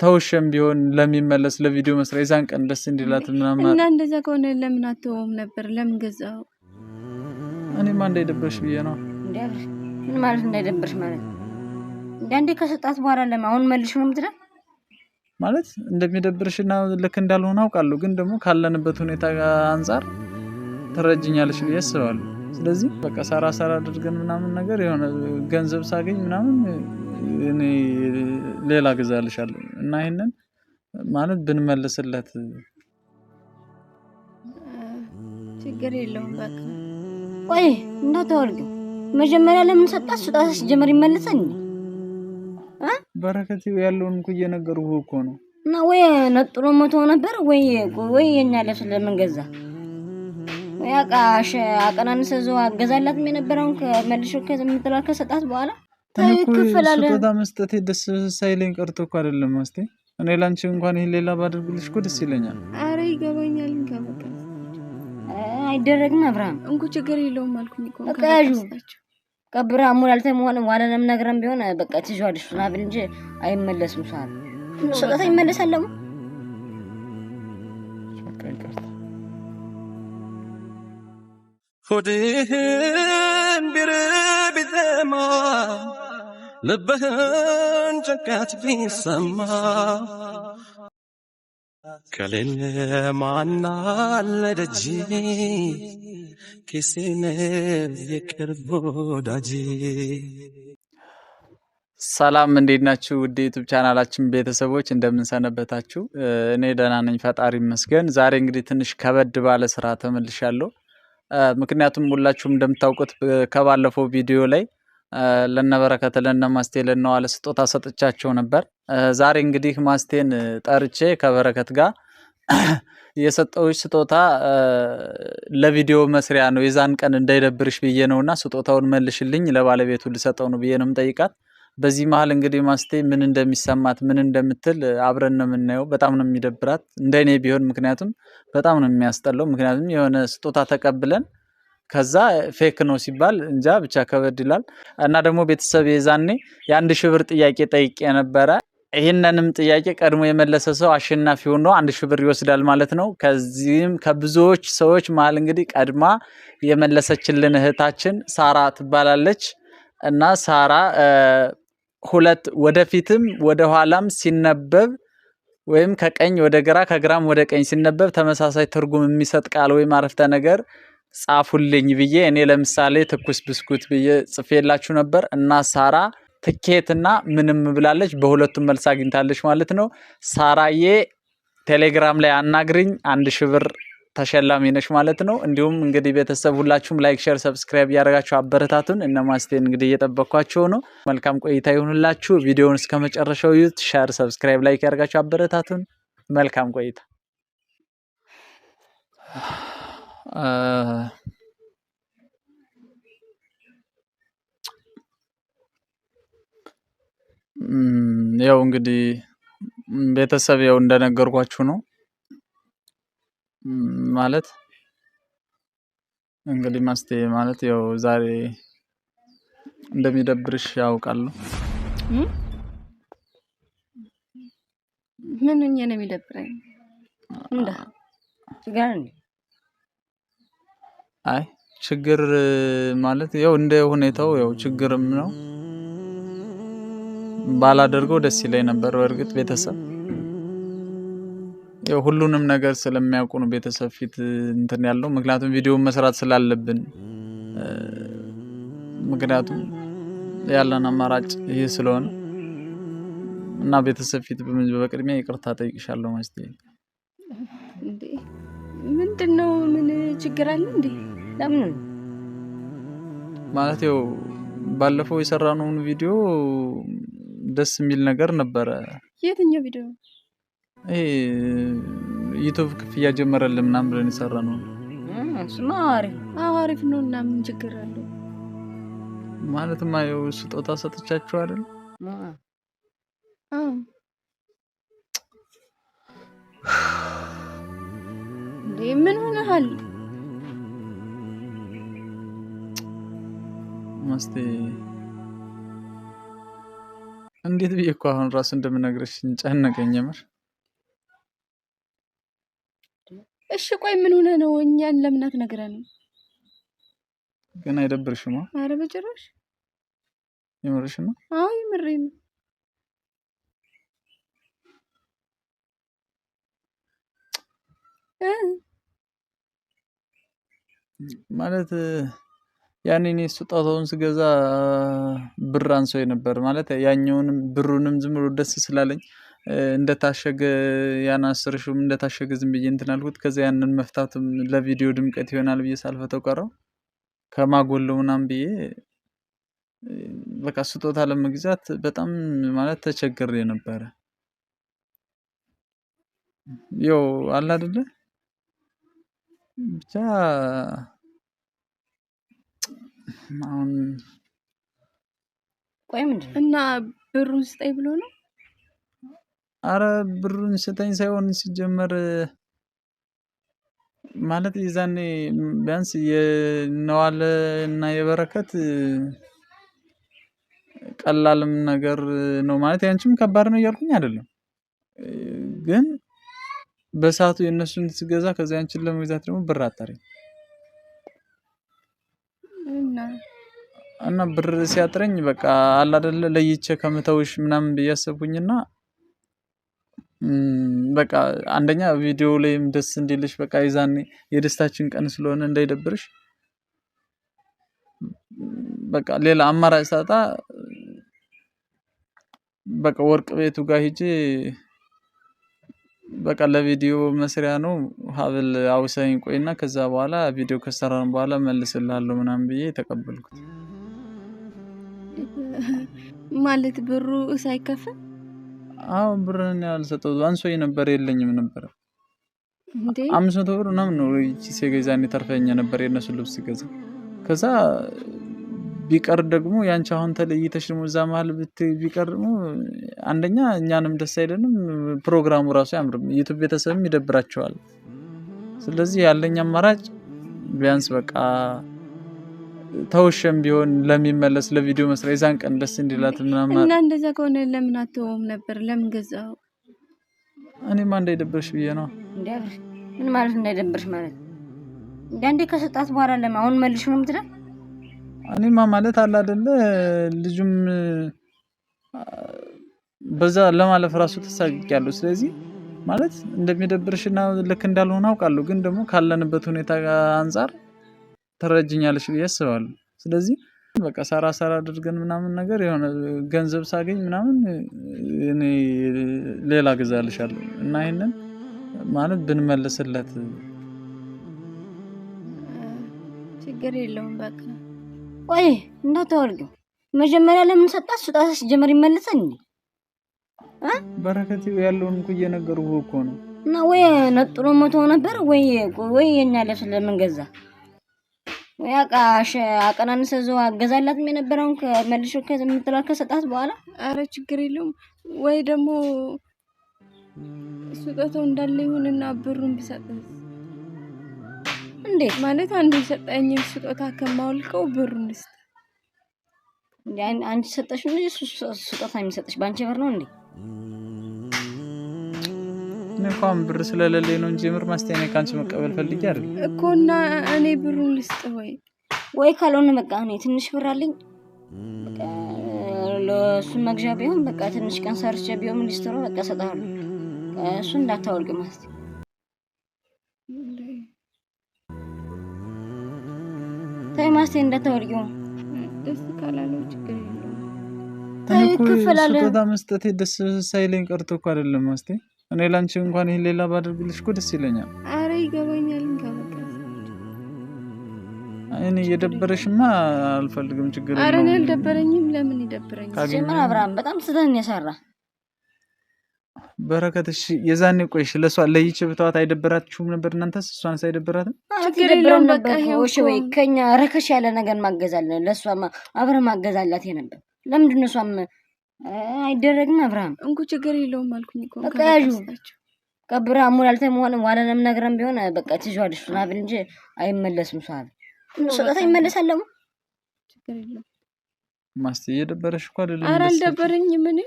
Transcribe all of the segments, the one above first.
ተውሸም ቢሆን ለሚመለስ ለቪዲዮ መስሪያ የዛን ቀን ደስ እንዲላት እና እንደዛ ከሆነ ለምን አትወውም ነበር? ለምን ገዛው? እኔማ እንዳይደበሽ ብዬ ነው። ምን ማለት እንዳይደብርሽ ማለት አንዴ ከሰጣት በኋላ ለምን አሁን መልሽ ነው የምትለው? ማለት እንደሚደብርሽና ልክ እንዳልሆነ አውቃለሁ፣ ግን ደግሞ ካለንበት ሁኔታ አንጻር ትረጅኛለሽ ብዬ አስባለሁ። ስለዚህ በቃ ሰራ ሰራ አድርገን ምናምን ነገር የሆነ ገንዘብ ሳገኝ ምናምን እኔ ሌላ ገዛልሻለሁ እና ይሄንን ማለት ብንመልስለት ችግር የለውም። በቃ ቆይ እንዳታወልጊው መጀመሪያ ለምን ሰጣት? ስጦታ ሲጀመር ይመለሰኝ። እ በረከት ያለውን እኮ እየነገርኩህ እኮ ነው። እና ወይ ነጥሎ መቶ ነበር ወይ ወይ የኛ ለሱ ለምን ገዛ? ወይ አቃሽ አቀናንሰ ዘው አገዛላት የነበረውን ከመልሽ ከምትላት ከሰጣት በኋላ ተይክፈላል። ስጦታ መስጠት ደስ ሳይለኝ ቀርቶ እኮ አይደለም ማስቴ። እኔ ላንቺ እንኳን ይሄን ሌላ ባደርግልሽ እኮ ደስ ይለኛል። አረ ይገባኛል። አይደረግም አብርሃም እንኩ ችግር የለውም አልኩኝ እኮ በቃ ያዡ ቀብረ አሞላልተን መሆን ዋለንም ነግረን ቢሆን በቃ ትይዋለሽ ምናምን እንጂ አይመለስም። ሳል ስጦታ ይመለሳል። ለሙ ሆድህን ቢርብ ቢዘማ ልብህን ጭንቀት ቢሰማ ከሌለ ማናል ደጅ ኪሴን የቅርብ ወዳጅ። ሰላም እንዴት ናችሁ? ውድ ዩቱብ ቻናላችን ቤተሰቦች እንደምንሰነበታችሁ፣ እኔ ደህና ነኝ ፈጣሪ ይመስገን። ዛሬ እንግዲህ ትንሽ ከበድ ባለ ስራ ተመልሻለሁ። ምክንያቱም ሁላችሁም እንደምታውቁት ከባለፈው ቪዲዮ ላይ ለነበረከተ ለነማስቴ ለነዋለ ስጦታ ሰጥቻቸው ነበር። ዛሬ እንግዲህ ማስቴን ጠርቼ ከበረከት ጋር የሰጠውች ስጦታ ለቪዲዮ መስሪያ ነው፣ የዛን ቀን እንዳይደብርሽ ብዬ ነውና ስጦታውን መልሽልኝ ለባለቤቱ ልሰጠው ነው ብዬ ነው ምጠይቃት። በዚህ መሀል እንግዲህ ማስቴ ምን እንደሚሰማት ምን እንደምትል አብረን ነው የምናየው። በጣም ነው የሚደብራት እንደኔ ቢሆን፣ ምክንያቱም በጣም ነው የሚያስጠላው። ምክንያቱም የሆነ ስጦታ ተቀብለን ከዛ ፌክ ነው ሲባል እንጃ ብቻ ከበድ ይላል። እና ደግሞ ቤተሰብ የዛኔ የአንድ ሺህ ብር ጥያቄ ጠይቄ ነበረ። ይህንንም ጥያቄ ቀድሞ የመለሰ ሰው አሸናፊ ሆኖ አንድ ሺህ ብር ይወስዳል ማለት ነው። ከዚህም ከብዙዎች ሰዎች መሀል እንግዲህ ቀድማ የመለሰችልን እህታችን ሳራ ትባላለች እና ሳራ ሁለት ወደፊትም ወደኋላም ሲነበብ ወይም ከቀኝ ወደ ግራ ከግራም ወደ ቀኝ ሲነበብ ተመሳሳይ ትርጉም የሚሰጥ ቃል ወይም አረፍተ ነገር ጻፉልኝ ብዬ እኔ ለምሳሌ ትኩስ ብስኩት ብዬ ጽፌላችሁ ነበር እና ሳራ ትኬትና ምንም ብላለች። በሁለቱም መልስ አግኝታለች ማለት ነው። ሳራዬ ቴሌግራም ላይ አናግርኝ አንድ ሺህ ብር ተሸላሚ ነች ማለት ነው። እንዲሁም እንግዲህ ቤተሰብ ሁላችሁም ላይክ፣ ሼር፣ ሰብስክራይብ እያደረጋችሁ አበረታቱን። እነ ማስቴን እንግዲህ እየጠበቅኳቸው ነው። መልካም ቆይታ ይሁንላችሁ። ቪዲዮውን እስከ መጨረሻው ዩት፣ ሼር፣ ሰብስክራይብ፣ ላይክ ያደርጋችሁ አበረታቱን። መልካም ቆይታ ያው እንግዲህ ቤተሰብ ያው እንደነገርኳችሁ ነው ማለት እንግዲህ ማስቴ ማለት ያው ዛሬ እንደሚደብርሽ ያውቃለሁ። ምን ነው የሚደብረኝ? እንደ ችግር አይ ችግር ማለት ያው እንደ ሁኔታው ያው ችግርም ነው ባላደርገው ደስ ይለኝ ነበር። በእርግጥ ቤተሰብ ሁሉንም ነገር ስለሚያውቁ ነው ቤተሰብ ፊት እንትን ያለው። ምክንያቱም ቪዲዮውን መስራት ስላለብን፣ ምክንያቱም ያለን አማራጭ ይህ ስለሆነ እና ቤተሰብ ፊት በቅድሚያ ይቅርታ ጠይቅሻለሁ። ማስቴ ምንድን ነው? ምን ችግር አለ እንዴ? ለምን ማለት ያው ባለፈው የሰራነውን ቪዲዮ ደስ የሚል ነገር ነበረ። የትኛው ቪዲዮ? ይሄ ዩቱብ ክፍያ ጀመረልን ምናምን ብለን የሰራ ነው። እሱማ አሪፍ አሪፍ ነው እና ምን ችግር አለው? ማለትማ ይኸው ስጦታ ሰጥቻችሁ አይደል? ምን ሆነሃል? መስቴ እንዴት ብዬ እኮ አሁን ራሱ እንደምነግርሽ ጨነቀኝ የምር። እሺ ቆይ ምን ሆነ ነው? እኛን ለምን አትነግረንም? ግን አይደብርሽማ? አረ በጭራሽ። የምርሽ ነው? አዎ የምሬ ነው። ማለት ያኔ እኔ ስጦታውን ስገዛ ብር አንሶኝ ነበር። ማለት ያኛውንም ብሩንም ዝም ብሎ ደስ ስላለኝ እንደታሸገ ያን አስር ሺውም እንደታሸገ ዝም ብዬ እንትን አልኩት። ከዛ ያንን መፍታትም ለቪዲዮ ድምቀት ይሆናል ብዬ ሳልፈተው ቀረው ከማጎለው ምናምን ብዬ በቃ ስጦታ ለመግዛት በጣም ማለት ተቸግሬ ነበረ። ያው አለ አይደለ ብቻ ቆይ ምንድን ነው እና ብሩን ስጠኝ ብሎ ነው? አረ ብሩን ስጠኝ ሳይሆን ሲጀመር ማለት የዛኔ ቢያንስ የነዋለ እና የበረከት ቀላልም ነገር ነው ማለት ያንቺም ከባድ ነው እያልኩኝ አይደለም፣ ግን በሰዓቱ የእነሱን ስገዛ ከዚያ አንቺን ለመግዛት ደግሞ ብር አጠረኝ። እና ብር ሲያጥረኝ በቃ አለ አይደለ ለይቼ ከምተውሽ ምናምን ብዬ በቃ አንደኛ ቪዲዮ ላይም ደስ እንዲልሽ በቃ ይዛኔ የደስታችን ቀን ስለሆነ እንዳይደብርሽ በቃ ሌላ አማራጭ ሳጣ በቃ ወርቅ ቤቱ ጋር ሂጂ በቃ ለቪዲዮ መስሪያ ነው ሀብል አውሰኝ ቆይና ከዛ በኋላ ቪዲዮ ከሰራን በኋላ መልስላለሁ ምናምን ብዬ ተቀበልኩት። ማለት ብሩ ሳይከፈል? አዎ ብርህን ያልሰጠው አንሶ ነበር የለኝም ነበር አምስት መቶ ብር ምናምን ነው ሲገዛ ተርፈኛ ነበር የእነሱ ልብስ ገዛ። ከዛ ቢቀር ደግሞ ያንቺ አሁን ተለይተሽ ደግሞ እዛ መሀል ቢቀር ደግሞ አንደኛ እኛንም ደስ አይለንም፣ ፕሮግራሙ ራሱ አያምርም፣ ዩቱብ ቤተሰብም ይደብራቸዋል። ስለዚህ ያለኝ አማራጭ ቢያንስ በቃ ተውሸም ቢሆን ለሚመለስ ለቪዲዮ መስሪያ የዛን ቀን ደስ እንዲላት ምናምን እና እንደዛ ከሆነ ለምን አትወውም ነበር? ለምን ገዛው? እኔማ እንዳይደብርሽ ብዬ ነው። ምን ማለት እንዳይደብርሽ ማለት እንዳንዴ ከሰጣት በኋላ ለምን አሁን መልሽ ነው የምትለው? እኔማ ማለት አለ አይደለ ልጁም በዛ ለማለፍ ራሱ ያለው ስለዚህ ማለት እንደሚደብርሽና ልክ እንዳልሆነ አውቃለሁ፣ ግን ደግሞ ካለንበት ሁኔታ አንጻር ተረጅኛለሽ ብዬ አስባለሁ። ስለዚህ በቃ ሰራ ሰራ አድርገን ምናምን ነገር የሆነ ገንዘብ ሳገኝ ምናምን እኔ ሌላ ገዛልሻለሁ እና ይህንን ማለት ብንመልስለት ችግር የለውም። በቃ ቆይ እንዳታወርዱ መጀመሪያ ለምን ሰጣት? ስጣት ጀመር ይመልሰን በረከት ያለውን እኮ እየነገሩ እኮ ነው። እና ወይ ነጥሎ መቶ ነበር ወይ ወይ የኛ ለምን ገዛ ያቃሽ አቀናን ዞ አገዛላት የነበረውን መልሶ የምትላት ከሰጣት በኋላ አረ ችግር የለውም ወይ ደግሞ ስጦታው እንዳለ ይሁንና ብሩን ቢሰጥስ እንዴ ማለት አንዱ የሰጠኝን ስጦታ ከማውልቀው ብሩን ስ አንቺ ሰጠሽ እንጂ ስጦታ የሚሰጠሽ በአንቺ ብር ነው እንዴ እኔ እንኳን ብር ስለሌለኝ ነው እንጂ የምር ማስቲያኔ ከአንቺ መቀበል ፈልጌ አይደል እኮ። እና እኔ ብሩን ልስጥ ወይ ወይ ካልሆነ በቃ እኔ ትንሽ ብር አለኝ ለእሱን መግዣ ቢሆን በቃ ትንሽ ቀን ሰርቼ ቢሆን ሊስትሮ በቃ እሰጥሃለሁ። እሱ እንዳታወልቅ ማለት ተይ ማስቴ እንዳታወልቂው። ደስ ካላለው ችግር የለውም። ተይ ክፍላለሁ። ስጦታ መስጠቴ ደስ ሳይለኝ ቀርቶ እኮ አይደለም ማስቴ እኔ ላንቺ እንኳን ይህን ሌላ ባደርግልሽ እኮ ደስ ይለኛል። አረ ይገባኛል። እኔ የደበረሽማ አልፈልግም። ችግር አረ እኔ አልደበረኝም። ለምን ይደብረኝ? ምን አብርሃም በጣም ስተን የሰራ በረከትሽ የዛኔ ቆይሽ ለእሷ ለይቼ ብተዋት አይደበራችሁም ነበር? እናንተስ እሷንስ አይደበራትም? ችግር የለውም ነበር ወይ ከኛ ረከሽ ያለ ነገር ማገዛለን። ለእሷ አብረ ማገዛላት ነበር። ለምንድን ነው እሷም አይደረግም። አብርሃም እንኩ ችግር የለውም አልኩኝ እኮ በቃ ያዡ ቀብራ ሞላልተ መሆን ዋለንም ነግረን ቢሆን በቃ ትይዟለሽ ሱናብል እንጂ አይመለስም። ሱናብ ሰጣታ ይመለሳል። ለሙ ችግር የለውም። ማስቲ የደበረሽ እኮ አይደለም። አረ አልደበረኝ። ምን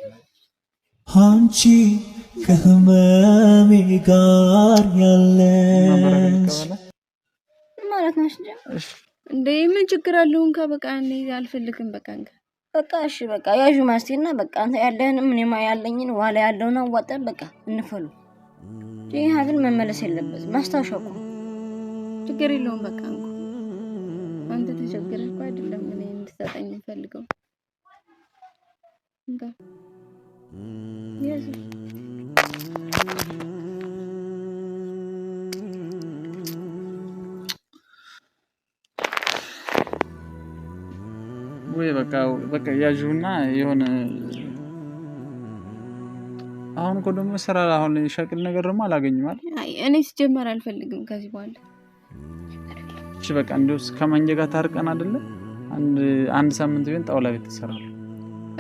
አንቺ ከህመሜ ጋር ያለሽ ማለት ነሽ እንዴ? ምን ችግር አለውን? ከበቃ እኔ አልፈልግም። በቃ እንግዲህ በቃ እሺ በቃ ያዡ ማስቴና በቃ አንተ ያለህን ምንማ ያለኝን ዋላ ያለውን አዋጠን በቃ እንፈሉ። ይህ ግን መመለስ የለበት ማስታወሻ እኮ ችግር የለውም። በቃ እንኳ አንተ ተቸግረ እኮ አይደለም እኔ እንድሰጠኝ እንፈልገው እንጋ ወይ በቃ በቃ ያዥሁና የሆነ አሁን እኮ ደግሞ ስራ አሁን ሸቅል ነገር ደግሞ አላገኝም እኔ ስጀመር አልፈልግም ከዚህ በኋላ እሺ በቃ እንደውስ ከማንጀ ጋር ታርቀን አይደለ? አንድ አንድ ሳምንት ቢሆን ጣውላ ቤት ትሰራለህ።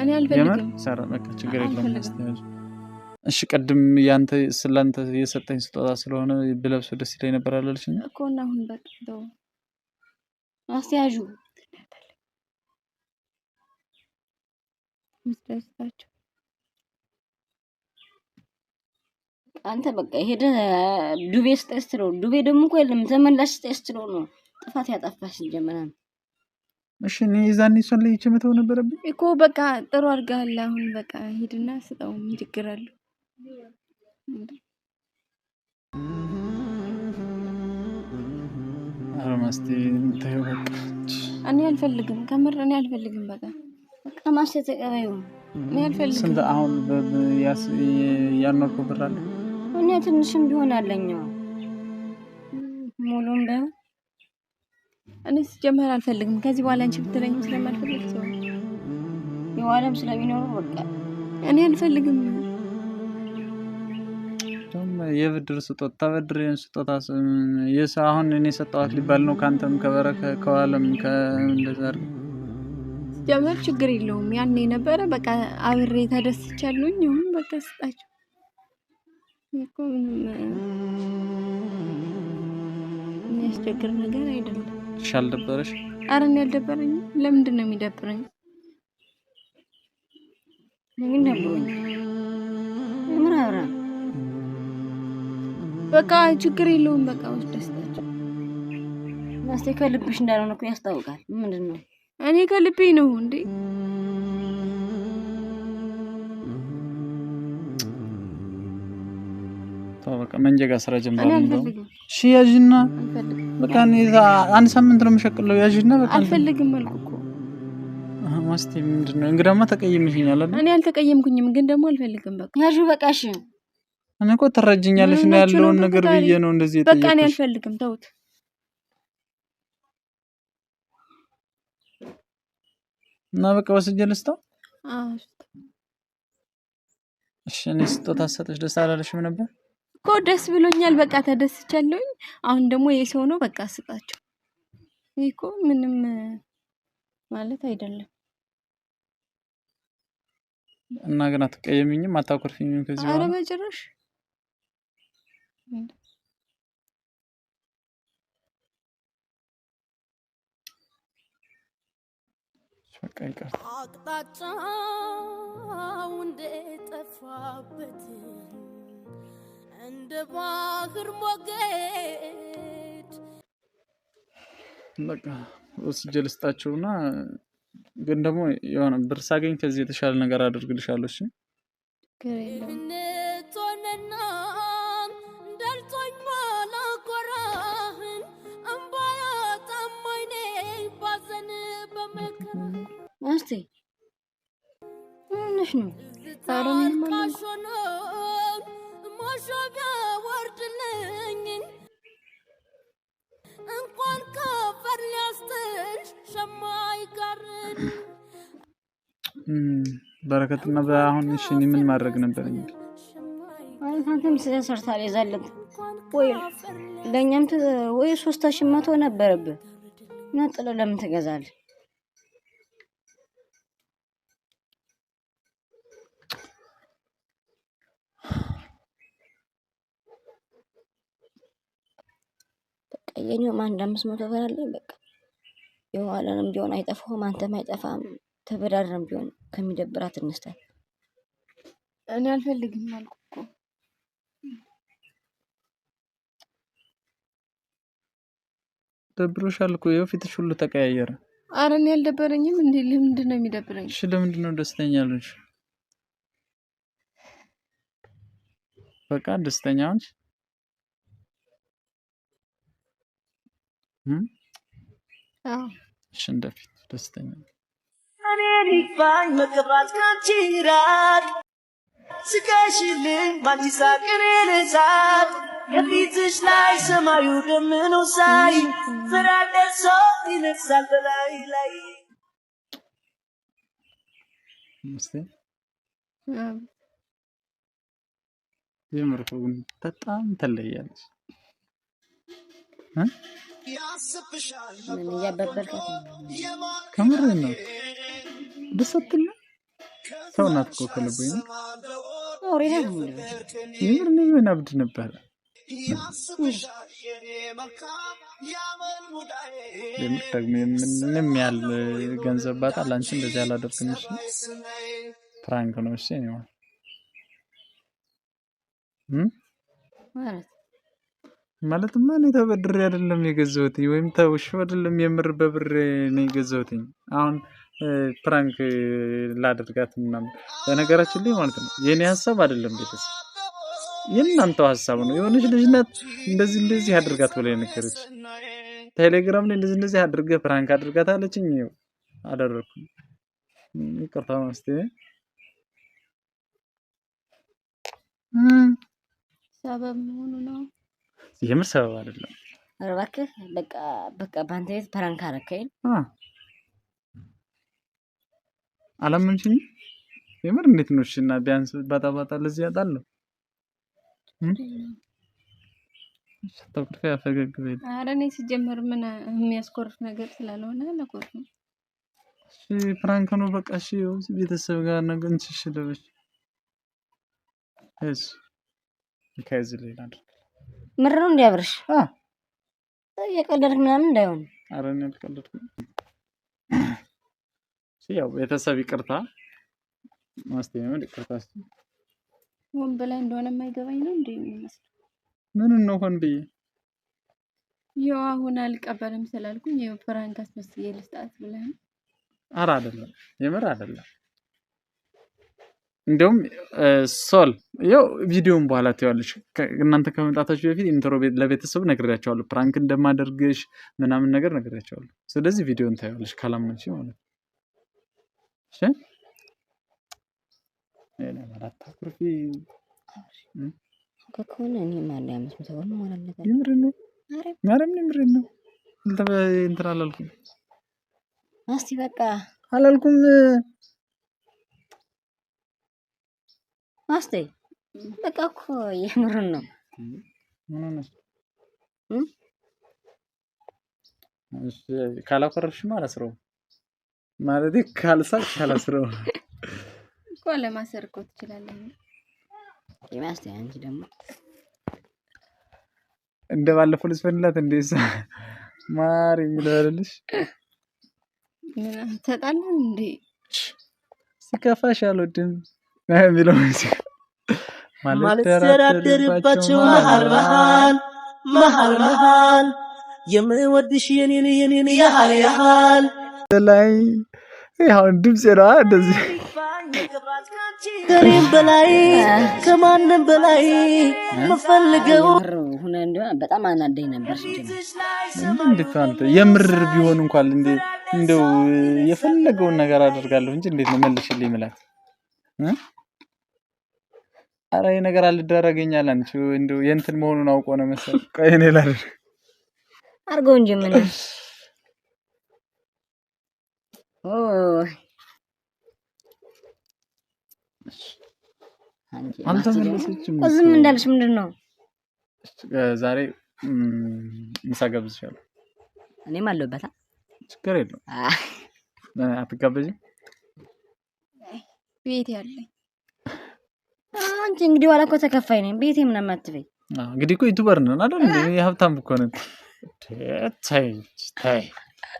እኔ አልፈልግም ሰራ በቃ ችግር የለም። እሺ ቅድም ያንተ ስላንተ የሰጠኝ ስጦታ ስለሆነ ብለብሶ ደስ ይለኝ ነበር አላለችኝ እኮ እና አሁን በቃ ተው አስያዡ የምትደርሳቸው አንተ በቃ ሄደህ ዱቤ ስጠሽ ነው። ዱቤ ደግሞ እኮ የለም ተመላሽ ስጠሽ ትለው ነው ጥፋት ያጠፋሽ ጀመራል። እሺ እኔ የዛኔ እሷን ለይቼ መተው ነበረብኝ እኮ በቃ ጥሩ አድርገሃል። አሁን በቃ ሂድና ስጠው፣ ምን ችግር አለው? በቃ እኔ አልፈልግም፣ ከምር እኔ አልፈልግም በቃ ከማሽ ተቀበዩ ያልፈልግ አሁን ያኖርኩ ብር አለ እኔ ትንሽም ቢሆን አለኝ። ሙሉም በ- እኔ ስጀምር አልፈልግም። ከዚህ በኋላ አንቺ ብትለኝም ስለማልፈልግ ሰው የዋለም ስለሚኖሩ በቃ እኔ አልፈልግም። የብድር ስጦታ ተበድሬን ስጦታ አሁን እኔ ሰጠዋት ሊባል ነው። ከአንተም ከበረከ ከዋለም ከእንደዛ አድርገን ጀምር ችግር የለውም። ያን የነበረ በቃ አብሬ ተደስቻለሁኝ። አሁን በቃ ስጣቸው እኮ ምንም የሚያስቸግር ነገር አይደለም። ሻል ደበረሽ? ኧረ እኔ አልደበረኝም። ለምንድን ነው የሚደብረኝ? ግን ደብሮኝ ምራራ በቃ ችግር የለውም። በቃ ውስጥ ደስታቸው ናስቴ ከልብሽ እንዳልሆነ እኮ ያስታውቃል። ምንድን ነው እኔ ከልቤ ነው እንዴ በቃ መንጀጋ ስራ ጀምራ እሺ ያዥና በቃ እኔ አንድ ሳምንት ነው የምሸቅለው ያዥና በቃ አልፈልግም አልኩ እኮ ማስቴ ምንድን ነው እንግዳማ ተቀየምሽኛል አይደል እኔ አልተቀየምኩኝም ግን ደግሞ አልፈልግም በቃ ያዥ በቃ እሺ እኔ እኮ ትረጅኛለሽ እና ያለውን ነገር ብዬ ነው እንደዚህ በቃ እኔ አልፈልግም ተውት እና በቃ ወስጄ ልስጠው። እሺ እኔ ስጦታ ሰጠሽ ደስ አላለሽም ነበር እኮ? ደስ ብሎኛል። በቃ ተደስቻለሁኝ። አሁን ደግሞ የሰው ነው በቃ ስጣቸው። ይህ እኮ ምንም ማለት አይደለም። እና ግን አትቀየሚኝም? አታኮርፊኝም? ከዚህ በኋላ? ኧረ በጭራሽ በቃ ይቀር። አቅጣጫው እንደጠፋበት እንደ ባህር ሞገድ በቃ ወስጄ ግን ደግሞ የሆነ ብር ሳገኝ ከዚህ የተሻለ ነገር አድርግልሻለሁ። እሺ እናቴ ምንሽ ነው? ኧረ ምንም ወርድልኝ እንኳን ከበር ሊያስትሽ ሸማይ ጋር በረከትና በአሁን እሺ፣ እኔ ምን ማድረግ ነበር እንግዲህ ስለ ሰርታ ላይ ዛለብ ወይ ለእኛም ወይ ሶስታሽን መቶ ነበረብህ ነጥሎ ለምን ትገዛለህ? የኔውም አንድ አምስት መቶ ብር አለኝ። በቃ የኋላንም ቢሆን አይጠፋውም፣ አንተም አይጠፋም። ተበዳድረን ቢሆን ከሚደብራት እንስታል። እኔ አልፈልግም አልኩ እኮ ደብሮሻል እኮ ይኸው ፊትሽ ሁሉ ተቀያየረ። ኧረ እኔ አልደበረኝም። እንዴ ለምንድን ነው የሚደብረኝ? እሺ ለምንድን ነው ደስተኛ ልጅ? በቃ ደስተኛ ነሽ? እሺ እንደፊት ደስተኛ እኔ ይግባኝ መከፋት ካንቺ ይራቅ ስቀሽልኝ ባንቺ ሳቅ እኔን ከፊትሽ ላይ ሰማዩ ደምኖ ሳይ ፍራቅ ደርሶ ይነግሳል በላይ ላይ የምር በጣም ተለያለች። ምን እያበበልካት ከምር ነው? ሰው ናት እኮ ከልቦ አብድ ነበረ ደግሞ ምንም ያህል ገንዘብ ባጣል አንቺ እንደዚህ እሺ ፕራንክ ነው። እሺ ማለት ማለት ማን ተበድሬ አይደለም የገዛሁት ወይም ተውሽ አይደለም የምር በብሬ ነው የገዛሁት። አሁን ፕራንክ ላደርጋት ምናምን በነገራችን ላይ ማለት ነው የእኔ ሀሳብ አይደለም ቤተሰብ የእናንተው ሀሳብ ነው። የሆነች ልጅ ናት እንደዚህ እንደዚህ አድርጋት ብላ የነገረች ቴሌግራም ላይ እንደዚህ እንደዚህ አድርገህ ፕራንክ አድርጋት አለችኝ። አደረግኩ። ይቅርታ ማስቴ ሰበብ መሆኑ ነው። የምር ሰበብ አይደለም። ኧረ እባክህ በቃ በቃ በአንተ ቤት ፕራንክ አደረከኝ። አላመንሽኝ? የምር እንዴት ነው? እሺ እና ቢያንስ ባጣባጣ ለዚህ ያጣለሁ ተኩርፈ ያፈገግ ቤት ኧረ እኔ ሲጀመር ምን የሚያስኮርፍ ነገር ስላልሆነ ለኮርፍ እሺ ፕራንክ ነው በቃ እሺ። ቤተሰብ ጋር ነገ እንችሽ ለበሽ እሺ ከዚህ ሌላ ምር ነው እንዲያብርሽ የቀለድክ ምናምን እንዳይሆን። ኧረ እኔ አልቀለድኩም። ያው ቤተሰብ ይቅርታ ማስተያየት ይቅርታ ስ ሆን በላይ እንደሆነ የማይገባኝ ነው እንደ የሚመስለው ምን ነው ሆን ብዬ ያው አሁን አልቀበልም ስላልኩኝ ፕራንክ አስመስዬ ልስጣት ብለህ ነው። ኧረ አይደለም የምር አይደለም። እንዲሁም ሶል ያው ቪዲዮን በኋላ ትዋለች። እናንተ ከመምጣታችሁ በፊት ኢንትሮ ለቤተሰብ ነግሬያቸዋለሁ፣ ፕራንክ እንደማደርግሽ ምናምን ነገር ነግሬያቸዋለሁ። ስለዚህ ቪዲዮን ታዋለች ካላመንሽ ማለት ነው። እንትን አላልኩም፣ አላልኩም አስቲ በቃ ማስተይ በቃ እኮ የምርን ነው። ምን ነው እሺ፣ ካላኮረፍሽማ አላስረውም ማለቴ ካልሳቅ ካላስረውም እኮ ለማሰር እኮ ትችላለህ። የማስተይ አንቺ ደግሞ እንደ ባለፈው ልስፈንላት እንደዛ ማሪ ይለልልሽ አይደልሽ? ተጣላን እንዴ? ሲከፋሽ አልወድም የሚለው ማልደራደርባቸው መሀል መሀል የምወድሽ የኔን የኔን ያህል ያህል ላይ ድምፅ ነዋ እንደዚህ ከኔም በላይ ከማንም በላይ መፈልገው በጣም አናደኝ ነበር። የምር ቢሆን እንኳን እንዴ እንደው የፈለገውን ነገር አደርጋለሁ እንጂ እንዴት ነው መልሽልኝ ምላት አረ ይህ ነገር አልደረገኛል። አንቺ እንደው የእንትን መሆኑን አውቆ ነው መሰል። ቆይ ላል አርገው እንጂ ምን ዝም እንዳልሽ ምንድን ነው ዛሬ ምሳ ገብዝሻለሁ። እኔም አለሁበት። ችግር የለውም። አትጋበዥም? ቤት ያለኝ አንቺ እንግዲህ ኋላ እኮ ተከፋይ ነኝ ቤቴ ምናምን አትበይ። እንግዲህ እኮ ዩቱበር ነን አይደል? የሀብታም እኮ ነን። ተይ ተይ፣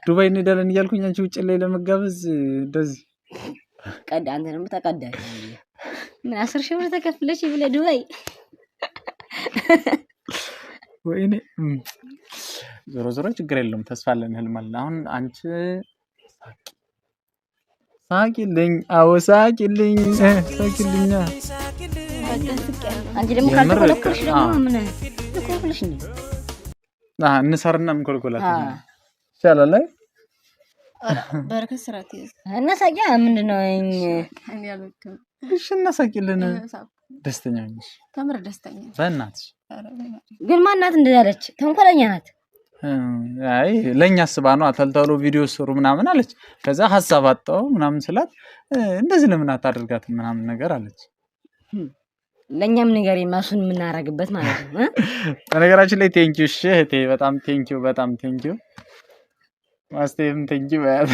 ዱባይ እንሄዳለን እያልኩኝ አንቺ ውጭ ላይ ለመጋበዝ እንደዚህ ቀድ አንተ ደግሞ ተቀዳ ምን አስር ሺህ ብር ተከፍለሽ ብለህ ዱባይ ወይኔ። ዞሮ ዞሮ ችግር የለውም ተስፋ አለን ህልም አለን። አሁን አንቺ ሳቂልኝ፣ አዎ ሳቂልኝ፣ ሳቂልኛ አንቺ ደግሞ ካልተኮለኮልሽ ደግሞ ምን ልኮልኩልሽ እንዴ? እንሰርና ምንኮልኮላት ይቻላል። በረከት ስራ እናሳቂያ ምንድን ነው? እሺ እናሳቂልን። ደስተኛ ነሽ? ከምር ደስተኛ በእናትሽ። ግን ማናት እንደዚህ አለች? ተንኮለኛ ናት። አይ ለእኛ አስባ ነው አተልተሎ ቪዲዮ ስሩ ምናምን አለች። ከዛ ሀሳብ አጣው ምናምን ስላት እንደዚህ ለምን አታደርጋት ምናምን ነገር አለች። ለእኛም ነገር ማሱን የምናረግበት ማለት ነው። በነገራችን ላይ ቴንኪው እሺ፣ እህቴ በጣም ቴንኪው፣ በጣም ቴንኪው። ማስቴም ቴንኪው በያት።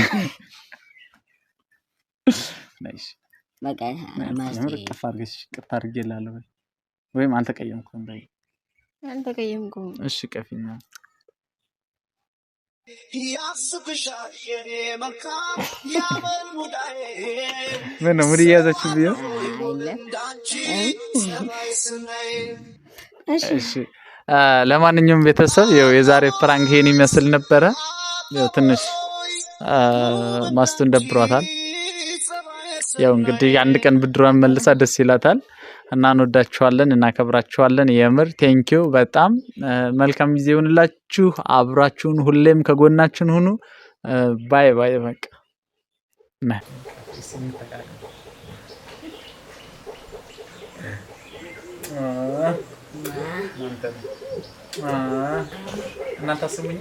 ቅፍ አድርጌ ላለሁ ወይም አልተቀየምኩም፣ አልተቀየምኩም። እሺ ቀፊኛ ምን ነው ሙድ እየያዛችሁ ብዬ ለማንኛውም ቤተሰብ ው የዛሬ ፕራንክ ይሄን ይመስል ነበረ። ትንሽ ማስቱን ደብሯታል። ያው እንግዲህ አንድ ቀን ብድሯን መልሳ ደስ ይላታል እና እንወዳችኋለን፣ እናከብራችኋለን። የምር ቴንኪው በጣም መልካም ጊዜ ይሁንላችሁ። አብራችሁን ሁሌም ከጎናችን ሁኑ። ባይ ባይ። በቃ እናንተ ስሙኝ።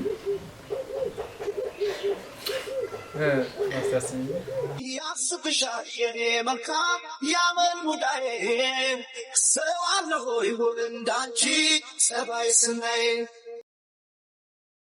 ያስብሻል የኔ መልካም ያመል ሙዳዬ ሰው አለሆ ይሁን እንዳንቺ ሰባይ ስናይ